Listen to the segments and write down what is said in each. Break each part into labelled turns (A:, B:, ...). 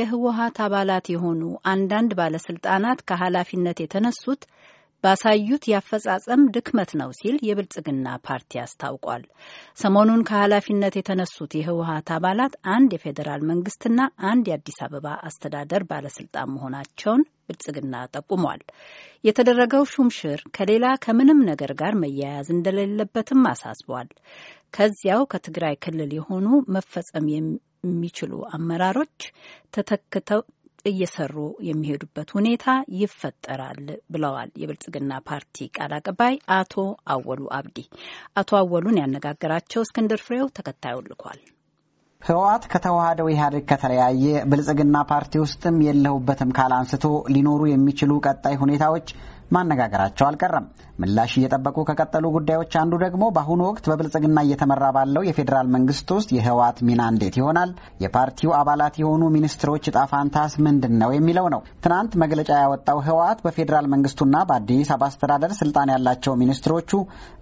A: የህወሀት አባላት የሆኑ አንዳንድ ባለስልጣናት ከኃላፊነት የተነሱት ባሳዩት የአፈጻጸም ድክመት ነው ሲል የብልጽግና ፓርቲ አስታውቋል። ሰሞኑን ከኃላፊነት የተነሱት የህወሀት አባላት አንድ የፌዴራል መንግስትና አንድ የአዲስ አበባ አስተዳደር ባለስልጣን መሆናቸውን ብልጽግና ጠቁሟል። የተደረገው ሹምሽር ከሌላ ከምንም ነገር ጋር መያያዝ እንደሌለበትም አሳስቧል። ከዚያው ከትግራይ ክልል የሆኑ መፈጸም የሚችሉ አመራሮች ተተክተው እየሰሩ የሚሄዱበት ሁኔታ ይፈጠራል ብለዋል የብልጽግና ፓርቲ ቃል አቀባይ አቶ አወሉ አብዲ። አቶ አወሉን ያነጋገራቸው እስክንድር ፍሬው ተከታዩን ልኳል። ህወሓት ከተዋህደው ኢህአዴግ ከተለያየ ብልጽግና ፓርቲ ውስጥም የለሁበትም ካል አንስቶ ሊኖሩ የሚችሉ ቀጣይ ሁኔታዎች ማነጋገራቸው አልቀረም። ምላሽ እየጠበቁ ከቀጠሉ ጉዳዮች አንዱ ደግሞ በአሁኑ ወቅት በብልጽግና እየተመራ ባለው የፌዴራል መንግስት ውስጥ የህወሓት ሚና እንዴት ይሆናል፣ የፓርቲው አባላት የሆኑ ሚኒስትሮች እጣ ፋንታስ ምንድን ነው የሚለው ነው። ትናንት መግለጫ ያወጣው ህወሓት በፌዴራል መንግስቱና በአዲስ አበባ አስተዳደር ስልጣን ያላቸው ሚኒስትሮቹ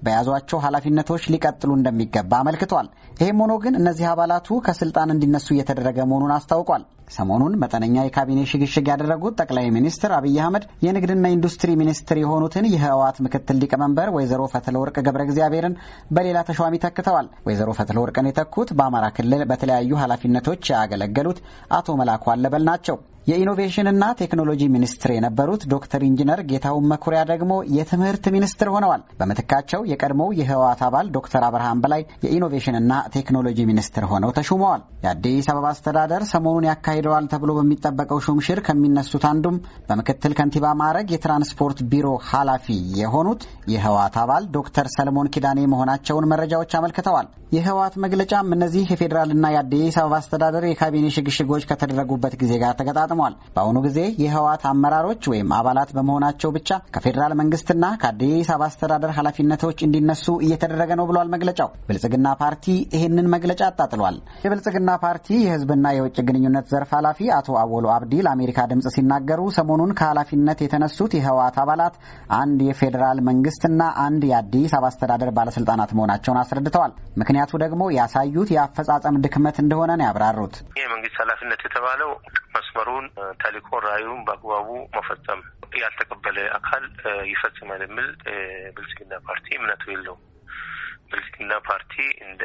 A: በያዟቸው ኃላፊነቶች ሊቀጥሉ እንደሚገባ አመልክቷል። ይህም ሆኖ ግን እነዚህ አባላቱ ከስልጣን እንዲነሱ እየተደረገ መሆኑን አስታውቋል። ሰሞኑን መጠነኛ የካቢኔ ሽግሽግ ያደረጉት ጠቅላይ ሚኒስትር አብይ አህመድ የንግድና ኢንዱስትሪ ሚኒስ ሚኒስትር የሆኑትን የህወሓት ምክትል ሊቀመንበር ወይዘሮ ፈትለ ወርቅ ገብረ እግዚአብሔርን በሌላ ተሿሚ ተክተዋል። ወይዘሮ ፈትለ ወርቅን የተኩት በአማራ ክልል በተለያዩ ኃላፊነቶች ያገለገሉት አቶ መላኩ አለበል ናቸው። የኢኖቬሽንና ቴክኖሎጂ ሚኒስትር የነበሩት ዶክተር ኢንጂነር ጌታሁን መኩሪያ ደግሞ የትምህርት ሚኒስትር ሆነዋል። በምትካቸው የቀድሞው የህወሓት አባል ዶክተር አብርሃም በላይ የኢኖቬሽንና ቴክኖሎጂ ሚኒስትር ሆነው ተሹመዋል። የአዲስ አበባ አስተዳደር ሰሞኑን ያካሂደዋል ተብሎ በሚጠበቀው ሹምሽር ከሚነሱት አንዱም በምክትል ከንቲባ ማዕረግ የትራንስፖርት ቢሮ ኃላፊ የሆኑት የህወሓት አባል ዶክተር ሰለሞን ኪዳኔ መሆናቸውን መረጃዎች አመልክተዋል። የህወሓት መግለጫም እነዚህ የፌዴራልና የአዲስ አበባ አስተዳደር የካቢኔ ሽግሽጎች ከተደረጉበት ጊዜ ጋር ተገጣጥሟል። ተቋቁሟል። በአሁኑ ጊዜ የህወሓት አመራሮች ወይም አባላት በመሆናቸው ብቻ ከፌዴራል መንግስትና ከአዲስ አበባ አስተዳደር ኃላፊነቶች እንዲነሱ እየተደረገ ነው ብሏል መግለጫው። ብልጽግና ፓርቲ ይህንን መግለጫ አጣጥሏል። የብልጽግና ፓርቲ የህዝብና የውጭ ግንኙነት ዘርፍ ኃላፊ አቶ አወሎ አብዲ ለአሜሪካ ድምፅ ሲናገሩ ሰሞኑን ከኃላፊነት የተነሱት የህወሓት አባላት አንድ የፌዴራል መንግስትና አንድ የአዲስ አበባ አስተዳደር ባለስልጣናት መሆናቸውን አስረድተዋል። ምክንያቱ ደግሞ ያሳዩት የአፈጻጸም ድክመት እንደሆነ ነው ያብራሩት።
B: መንግስት ኃላፊነት የተባለው መስመሩን፣ ተልእኮ ራዩን በአግባቡ መፈጸም ያልተቀበለ አካል ይፈጽማል የሚል ብልጽግና ፓርቲ እምነቱ የለውም። ብልጽግና ፓርቲ እንደ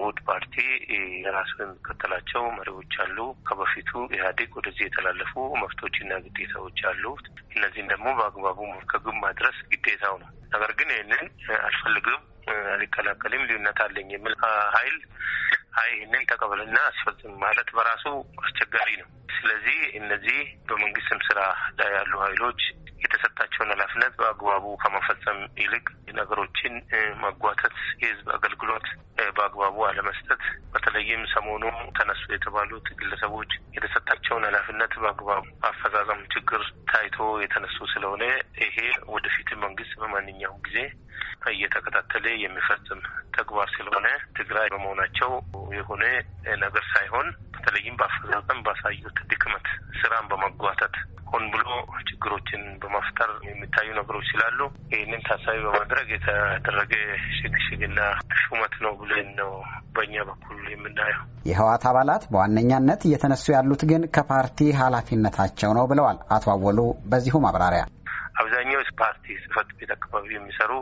B: ውድ ፓርቲ የራሱ የሚከተላቸው መሪዎች አሉ። ከበፊቱ ኢህአዴግ ወደዚህ የተላለፉ መብቶችና ግዴታዎች አሉ። እነዚህን ደግሞ በአግባቡ ከግብ ማድረስ ግዴታው ነው። ነገር ግን ይህንን አልፈልግም፣ አልቀላቀልም፣ ልዩነት አለኝ የሚል ኃይል አይ ይህንን ተቀበልና አስፈጽም ማለት በራሱ አስቸጋሪ ነው። ስለዚህ እነዚህ በመንግስትም ስራ ላይ ያሉ ኃይሎች የተሰጣቸውን ኃላፊነት በአግባቡ ከመፈጸም ይልቅ ነገሮችን ማጓተት፣ የህዝብ አገልግሎት በአግባቡ አለመስጠት፣ በተለይም ሰሞኑ ተነሱ የተባሉት ግለሰቦች የተሰጣቸውን ኃላፊነት በአግባቡ አፈጻጸም ችግር ታይቶ የተነሱ ስለሆነ ይሄ ወደፊት መንግስት በማንኛውም ጊዜ እየተከታተለ የሚፈጽም ተግባር ስለሆነ ትግራይ በመሆናቸው የሆነ ነገር ሳይሆን በተለይም በአፈጻጸም ባሳዩት ድክመት ስራን በመጓተት ሆን ብሎ ችግሮችን በመፍጠር የሚታዩ ነገሮች ስላሉ ይህንን ታሳቢ በማድረግ የተደረገ ሽግሽግና ሹመት ነው ብለን ነው በእኛ በኩል የምናየው።
A: የህወሓት አባላት በዋነኛነት እየተነሱ ያሉት ግን ከፓርቲ ኃላፊነታቸው ነው ብለዋል አቶ አወሉ። በዚሁ ማብራሪያ
B: ፓርቲ ጽህፈት ቤት አካባቢ የሚሰሩ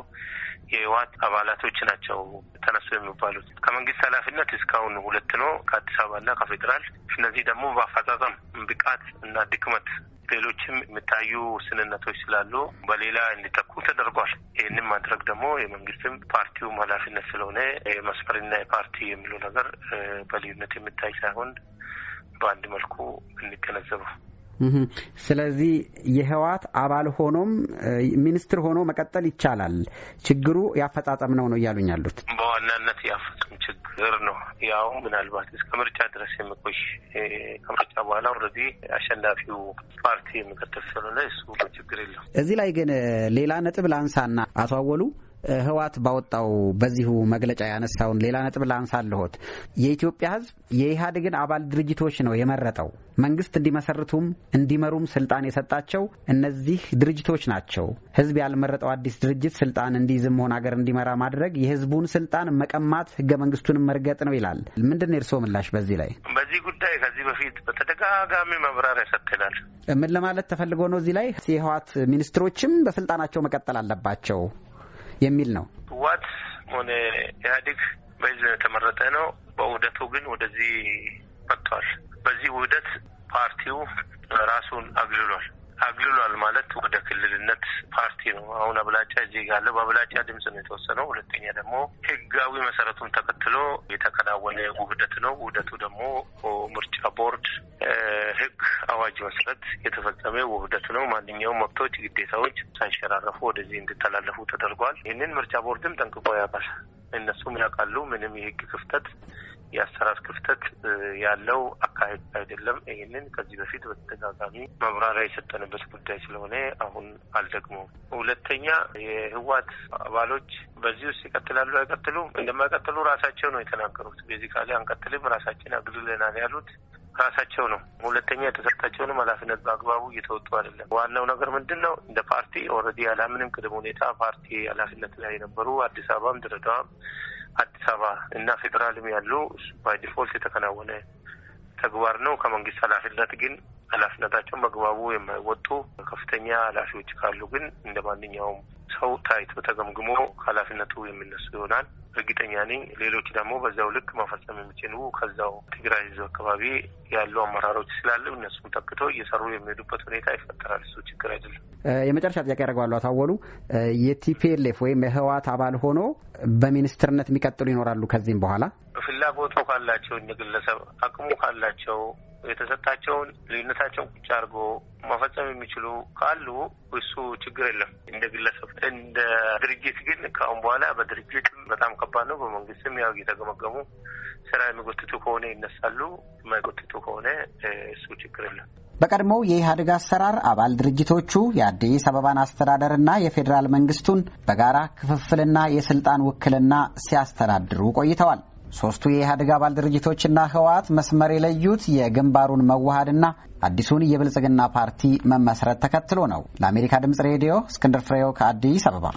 B: የህወሓት አባላቶች ናቸው ተነሱ የሚባሉት። ከመንግስት ኃላፊነት እስካሁን ሁለት ነው፣ ከአዲስ አበባና ከፌዴራል። እነዚህ ደግሞ በአፈጻጸም ብቃት እና ድክመት ሌሎችም የሚታዩ ስንነቶች ስላሉ በሌላ እንዲጠቁ ተደርጓል። ይህንም ማድረግ ደግሞ የመንግስትም ፓርቲውም ኃላፊነት ስለሆነ የመስመርና የፓርቲ የሚለው ነገር በልዩነት የሚታይ ሳይሆን በአንድ መልኩ እንገነዘበው።
A: ስለዚህ የህወሓት አባል ሆኖም ሚኒስትር ሆኖ መቀጠል ይቻላል። ችግሩ ያፈጻጸም ነው ነው እያሉኝ ያሉት።
B: በዋናነት ያፈጻጸም ችግር ነው። ያው ምናልባት እስከ ምርጫ ድረስ የሚቆይ ከምርጫ በኋላ ኦልሬዲ አሸናፊው ፓርቲ የምቀጥል ስለሆነ እሱ ችግር
A: የለም። እዚህ ላይ ግን ሌላ ነጥብ ላንሳና አቶ አወሉ ህዋት ባወጣው በዚሁ መግለጫ ያነሳውን ሌላ ነጥብ ላንሳልሆት። የኢትዮጵያ ህዝብ የኢህአዴግን አባል ድርጅቶች ነው የመረጠው። መንግስት እንዲመሰርቱም እንዲመሩም ስልጣን የሰጣቸው እነዚህ ድርጅቶች ናቸው። ህዝብ ያልመረጠው አዲስ ድርጅት ስልጣን እንዲይዝም ሆን ሀገር እንዲመራ ማድረግ የህዝቡን ስልጣን መቀማት፣ ህገ መንግስቱንም መርገጥ ነው ይላል። ምንድን ነው የእርስዎ ምላሽ በዚህ ላይ?
B: በዚህ ጉዳይ ከዚህ በፊት በተደጋጋሚ መብራሪያ ሰጥተናል።
A: ምን ለማለት ተፈልጎ ነው እዚህ ላይ የህዋት ሚኒስትሮችም በስልጣናቸው መቀጠል አለባቸው የሚል ነው።
B: ህወሓት ሆነ ኢህአዴግ በህዝብ የተመረጠ ነው። በውህደቱ ግን ወደዚህ መጥቷል። በዚህ ውህደት ፓርቲው ራሱን አግልሏል። አግልሏል ማለት ወደ ክልልነት ፓርቲ ነው። አሁን አብላጫ እዚህ ጋለ በአብላጫ ድምፅ ነው የተወሰነው። ሁለተኛ ደግሞ ህጋዊ መሰረቱን ተከትሎ የተከናወነ ውህደት ነው። ውህደቱ ደግሞ ምርጫ ቦርድ ህግ አዋጅ መሰረት የተፈጸመ ውህደት ነው። ማንኛውም መብቶች፣ ግዴታዎች ሳይሸራረፉ ወደዚህ እንዲተላለፉ ተደርጓል። ይህንን ምርጫ ቦርድም ጠንቅቆ ያውቃል። እነሱም ያውቃሉ። ምንም የህግ ክፍተት የአሰራር ክፍተት ያለው አካሄድ አይደለም። ይህንን ከዚህ በፊት በተደጋጋሚ መብራሪያ የሰጠንበት ጉዳይ ስለሆነ አሁን አልደግሞም። ሁለተኛ የህወሓት አባሎች በዚህ ውስጥ ይቀጥላሉ አይቀጥሉም፣ እንደማይቀጥሉ ራሳቸው ነው የተናገሩት። ቤዚካሊ አንቀጥልም፣ ራሳችን አግልለናል ያሉት ራሳቸው ነው። ሁለተኛ የተሰጣቸውንም ኃላፊነት በአግባቡ እየተወጡ አይደለም። ዋናው ነገር ምንድን ነው? እንደ ፓርቲ ኦልሬዲ ያለምንም ቅድመ ሁኔታ ፓርቲ ኃላፊነት ላይ የነበሩ አዲስ አበባም ድሬዳዋም አዲስ አበባ እና ፌዴራልም ያሉ ባይ ዲፎልት የተከናወነ ተግባር ነው። ከመንግስት ኃላፊነት ግን ኃላፊነታቸውን በአግባቡ የማይወጡ ከፍተኛ ኃላፊዎች ካሉ ግን እንደ ማንኛውም ሰው ታይቶ ተገምግሞ ከኃላፊነቱ የሚነሱ ይሆናል። እርግጠኛ ነኝ። ሌሎች ደግሞ በዛው ልክ መፈጸም የሚችሉ ከዛው ትግራይ ህዝብ አካባቢ ያሉ አመራሮች ስላለ እነሱም ተክቶ እየሰሩ የሚሄዱበት ሁኔታ ይፈጠራል። እሱ ችግር አይደለም።
A: የመጨረሻ ጥያቄ ያደርገዋሉ። አታወሉ የቲፒኤልኤፍ ወይም የህወሓት አባል ሆኖ በሚኒስትርነት የሚቀጥሉ ይኖራሉ። ከዚህም በኋላ
B: ፍላጎቱ ካላቸው እነ ግለሰብ አቅሙ ካላቸው የተሰጣቸውን ልዩነታቸውን ቁጭ አድርጎ መፈጸም የሚችሉ ካሉ እሱ ችግር የለም። እንደ ግለሰብ እንደ ድርጅት ግን ከአሁን በኋላ በድርጅት በጣም ከባድ ነው። በመንግስትም ያው እየተገመገሙ ስራ የሚጎትቱ ከሆነ ይነሳሉ፣ የማይጎትቱ ከሆነ እሱ ችግር የለም።
A: በቀድሞው የኢህአዴግ አሰራር አባል ድርጅቶቹ የአዲስ አበባን አስተዳደርና የፌዴራል መንግስቱን በጋራ ክፍፍልና የስልጣን ውክልና ሲያስተዳድሩ ቆይተዋል። ሶስቱ የኢህአዴግ አባል ድርጅቶችና ህወሓት መስመር የለዩት የግንባሩን መዋሃድና አዲሱን የብልጽግና ፓርቲ መመስረት ተከትሎ ነው። ለአሜሪካ ድምጽ ሬዲዮ እስክንድር ፍሬው ከአዲስ አበባ